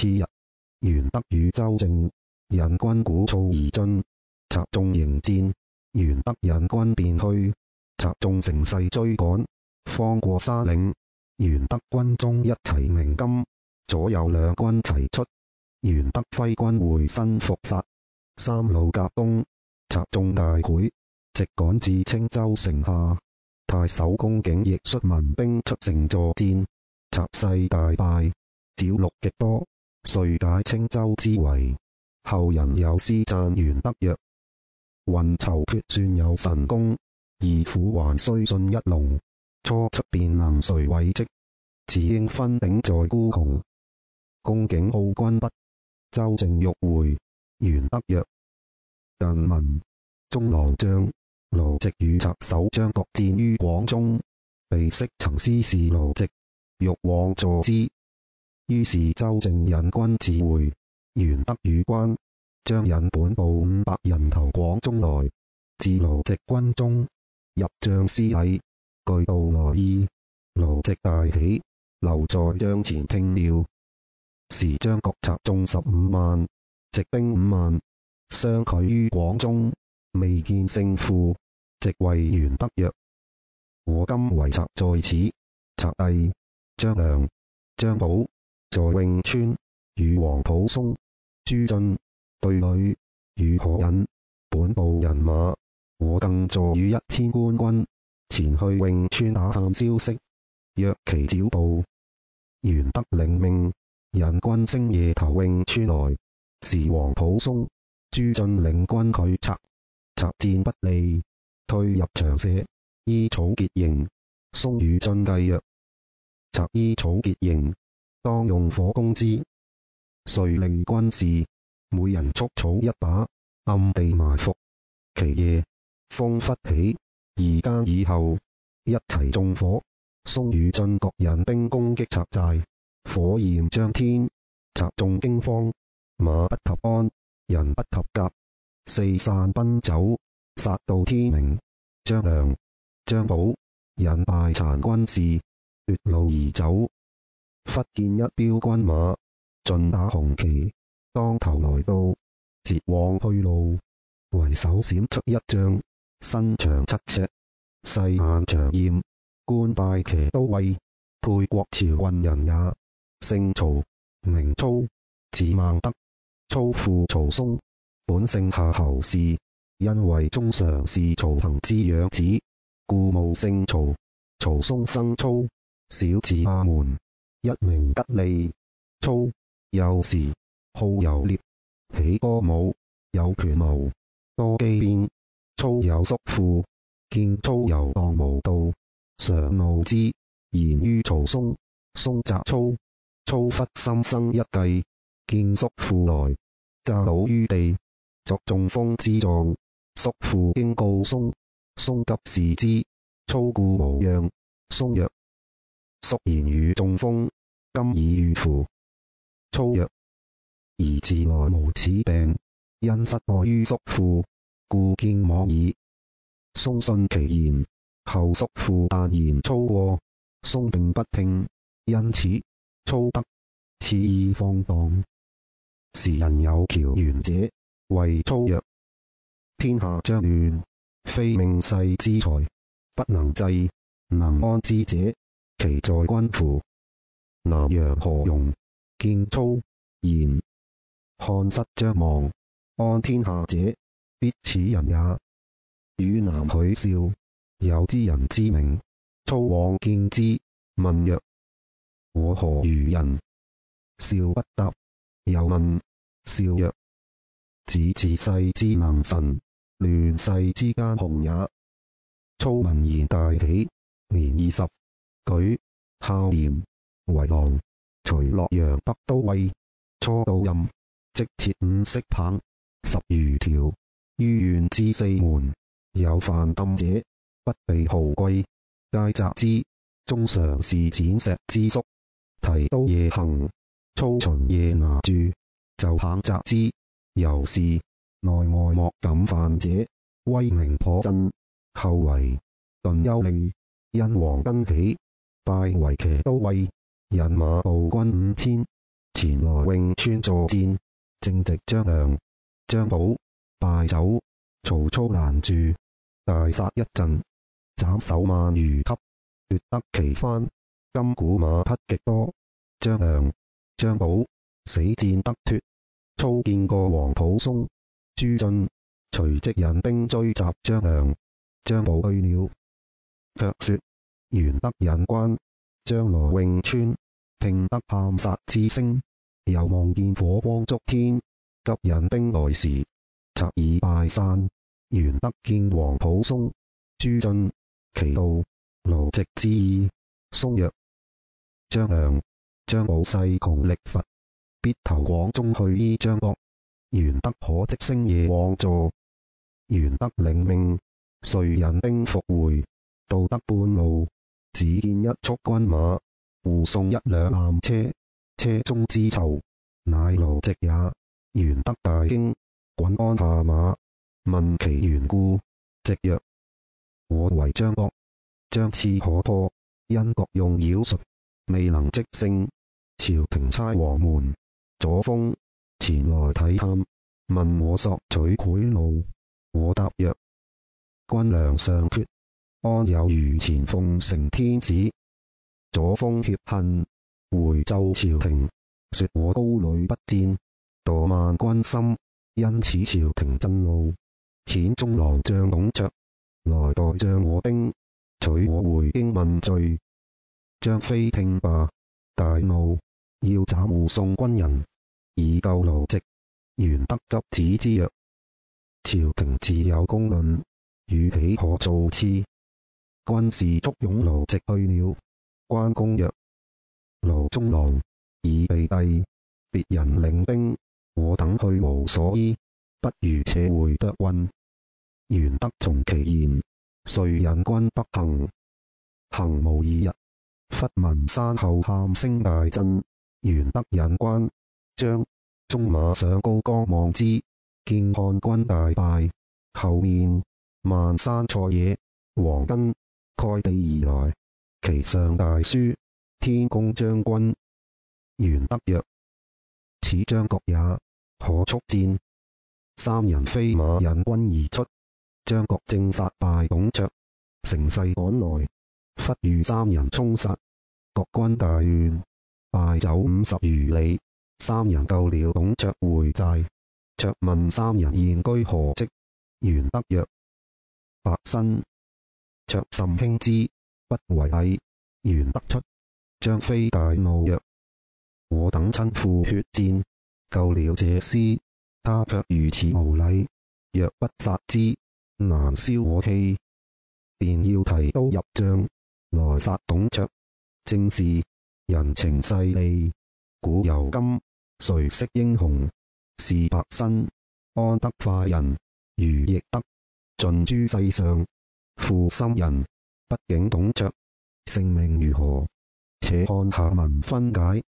次日，玄德與鄒靖引軍鼓譟而進，賊眾迎戰，玄德引軍便退，賊眾乘勢追趕，方過山嶺，玄德軍中一齊鳴金，左右兩軍齊出，玄德麾軍回身復殺，三路夾攻，賊眾大潰，直趕至青州城下，太守龔景亦率民兵出城助戰，賊勢大敗，剿戮極多。遂解青州之圍。後人有詩讚玄德曰：“運籌決算有神功，二虎還須遜一龍。初出便能垂偉績，自應分鼎在孤窮。”龔景犒軍畢，鄒靖欲回。玄德曰：“近聞中郎將盧植與賊首張角戰於廣宗，備昔曾師事盧植，欲往助之。”於是鄒靖引軍自回，玄德與關、張引本部五百人投廣宗來，至盧植軍中，入帳施禮，具道來意。盧植大喜，留在帳前聽調，時張角賊眾十五萬，植兵五萬，相拒於廣宗，未見勝負。植謂玄德曰：我今圍賊在此，賊弟張梁、張寶。在潁川與皇甫嵩、朱雋對壘，汝可引本部人馬，我更助汝一千官軍前去潁川打探消息，約期剿捕，玄德領命引軍，星夜投潁川來。時皇甫嵩、朱雋領軍拒賊，賊戰不利，退入長社，依草結營。嵩與雋計曰：賊依草結營。當用火攻之，遂令軍士每人束草一把，暗地埋伏。其夜風忽起，二更以後一齊縱火。嵩與雋各引兵攻擊賊寨，火焰張天，賊眾驚慌，馬不及鞍，人不及甲，四散奔走，殺到天明。張梁、張寶引敗殘軍士，奪路而走。忽見一彪軍馬，盡打紅旗，當頭來到，截往去路。為首閃出一將，身長七尺，細眼長髯，官拜騎都尉。沛國譙郡人也，姓曹，名操，字孟德。操父曹嵩，本姓夏侯氏，因為中常侍曹騰之養子，故冒姓曹。曹嵩生操，小字阿瞞。一名吉利操，幼時好遊獵，喜歌舞，有權謀，多機變，操有叔父。見操遊蕩無度，嘗怒之，言於曹嵩，嵩責操，操忽心生一計，見叔父來，詐倒於地，作中風之狀。叔父驚告嵩，嵩急視之，操故無恙。嵩曰。叔言汝中風，今已愈乎？操曰：兒自來無此病，因失愛於叔父，故見罔耳。嵩信其言，後叔父但言操過，嵩並不聽，因此操得恣意放蕩。時人有橋玄者，謂操曰：天下將亂，非命世之才，不能濟，能安之者。其在君乎？南陽何顒見操，言：漢室將亡，安天下者，必此人也。汝南許劭，有知人之名。操往見之，問曰：“我何如人？”劭不答。又問，劭曰：“子治世之能臣，亂世之奸雄也。”操聞言大喜，年二十。舉孝廉為郎，除洛陽北都尉。初到任，即設五色棒十餘條，於縣之四門，有犯禁者，不避豪貴，皆責之。中常侍蹇碩之叔提刀夜行，操巡夜拏住，就棒責之。由是內外莫敢犯者，威名頗震。後為頓丘令，因黃巾起。拜為騎都尉，引馬步軍五千前來潁川助戰。正值張梁、張寶敗走，曹操攔住，大殺一陣，斬首萬餘級，奪得旗旛、金鼓馬匹極多。張梁、張寶死戰得脱。操見過皇甫嵩、朱雋，隨即引兵追襲張梁、張寶去了，却說。玄德引關、張來潁川，聽得喊殺之聲，又望見火光燭天，急引兵來時，賊已敗散。玄德見皇甫嵩、朱雋，其道盧植之意，嵩曰：張梁、張寶勢窮力乏，必投廣宗去依張角。玄德可即星夜往助。玄德領命，遂引兵復回，到得半路。只見一簇軍馬，護送一輛檻車，車中之囚乃盧植也。玄德大驚，滾鞍下馬，問其緣故。植曰：我圍張角，將次可破，因角用妖術，未能即勝。朝廷差黃門左豐前來體探，問我索取賄賂。我答曰：軍糧尚缺。安有餘錢奉承天使？左豐挾恨回奏朝廷，說我高壘不戰，惰慢軍心，因此朝廷震怒，遣中郎將董卓來代將我兵，取我回京問罪。張飛聽罷大怒，要斬護送軍人，以救盧植。玄德急止之曰：朝廷自有公論，汝豈可造次？軍士簇擁盧植去了。關公曰：盧中郎已被逮，別人領兵，我等去無所依，不如且回涿郡。玄德從其言，遂引軍北行。行無二日，忽聞山後喊聲大震，玄德引關張縱馬上高岡，望之，見漢軍大敗，後面漫山塞野黃巾蓋地而來，旗上大書“天公將軍”。玄德曰：“此張角也，可速戰。”三人飛馬引軍而出，張角正殺敗董卓，乘勢趕來，忽遇三人衝殺，角軍大亂，敗走五十餘里。三人救了董卓回寨，卓問三人現居何職，玄德曰：“白身。”卓甚輕之，不為禮，玄德出，張飛大怒曰：我等親赴血戰，救了這廝，他卻如此無禮，若不殺之，難消我氣！便要提刀入帳來殺董卓。正是人情勢利，古猶今，誰識英雄是白身？安得快人如翼德盡誅世上負心人。畢竟董卓性命如何，且看下文分解。